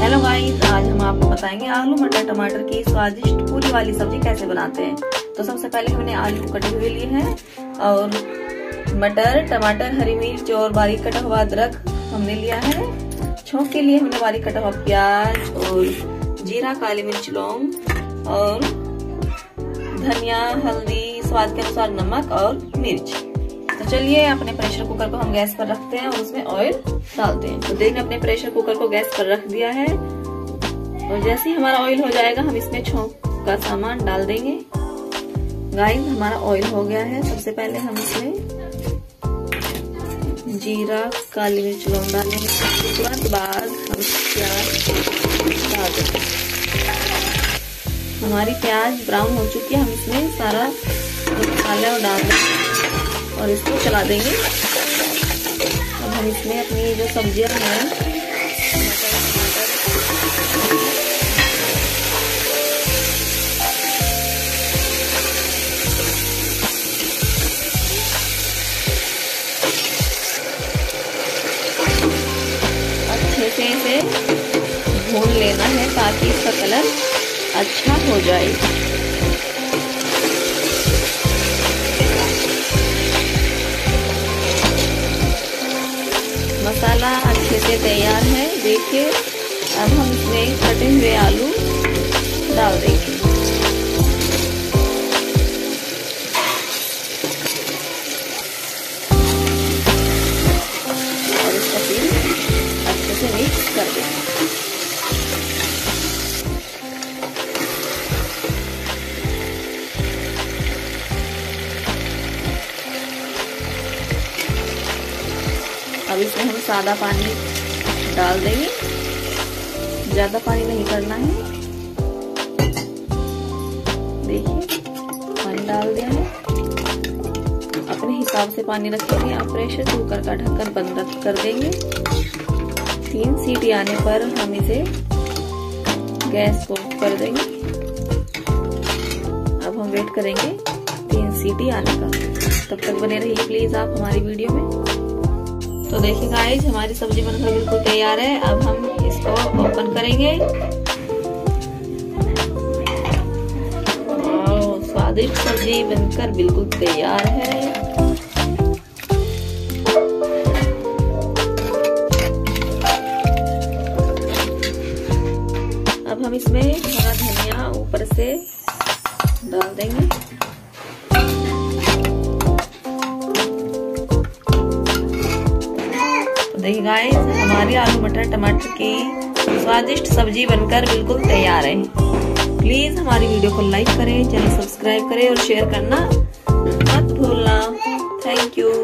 hello guys आज हम आपको बताएंगे आलू मटर टमाटर की स्वादिष्ट पूरी वाली सब्जी कैसे बनाते हैं तो सबसे पहले हमने आलू कटे हुए लिए हैं और मटर टमाटर हरी मिर्च और बारीक कटा हुआ अदरक हमने लिया है छोंक के लिए हमने बारीक कटा हुआ प्याज और जीरा काली मिर्च लौंग और धनिया हल्दी स्वाद के अनुसार नमक और मिर्च तो चलिए अपने प्रेशर कुकर को हम गैस पर रखते हैं और उसमें ऑयल डालते हैं तो देखने अपने प्रेशर कुकर को गैस पर रख दिया है और जैसे ही हमारा ऑयल हो जाएगा हम इसमें छोंक का सामान डाल देंगे गाइस हमारा ऑयल हो गया है सबसे पहले हम इसमें जीरा काली मिर्च लौंग डालेंगे तुरंत बाद हम प्याज डाल देंगे हमारी प्याज ब्राउन हो चुकी है हम इसमें सारा मसाला डाल देंगे और इसको चला देंगे अब हम इसमें अपनी जो सब्जियां हैं अच्छे से इसे भून लेना है ताकि इसका कलर अच्छा हो जाए बनके तैयार है देखिए अब हम इसमें कटे हुए आलू डाल देंगे और इसका अच्छे से मिक्स कर देंगे अब इसमें हम सादा पानी डाल देंगे ज़्यादा पानी नहीं करना है देखिए पानी डाल दिया है अपने हिसाब से पानी रखेंगे आप प्रेशर कुकर का ढक्कन बंद कर देंगे तीन सीटी आने पर हम इसे गैस को कर देंगे अब हम वेट करेंगे तीन सीटी आने का तब तक बने रहिए प्लीज़ आप हमारी वीडियो में तो देखिए गाइस हमारी सब्जी बनकर बिल्कुल तैयार है अब हम इसको ओपन करेंगे स्वादिष्ट सब्जी बनकर बिल्कुल तैयार है अब हम इसमें हरा धनिया ऊपर से डाल देंगे देखिए गाइस हमारी आलू मटर टमाटर की स्वादिष्ट सब्जी बनकर बिल्कुल तैयार है प्लीज़ हमारी वीडियो को लाइक करें चैनल सब्सक्राइब करें और शेयर करना मत भूलना थैंक यू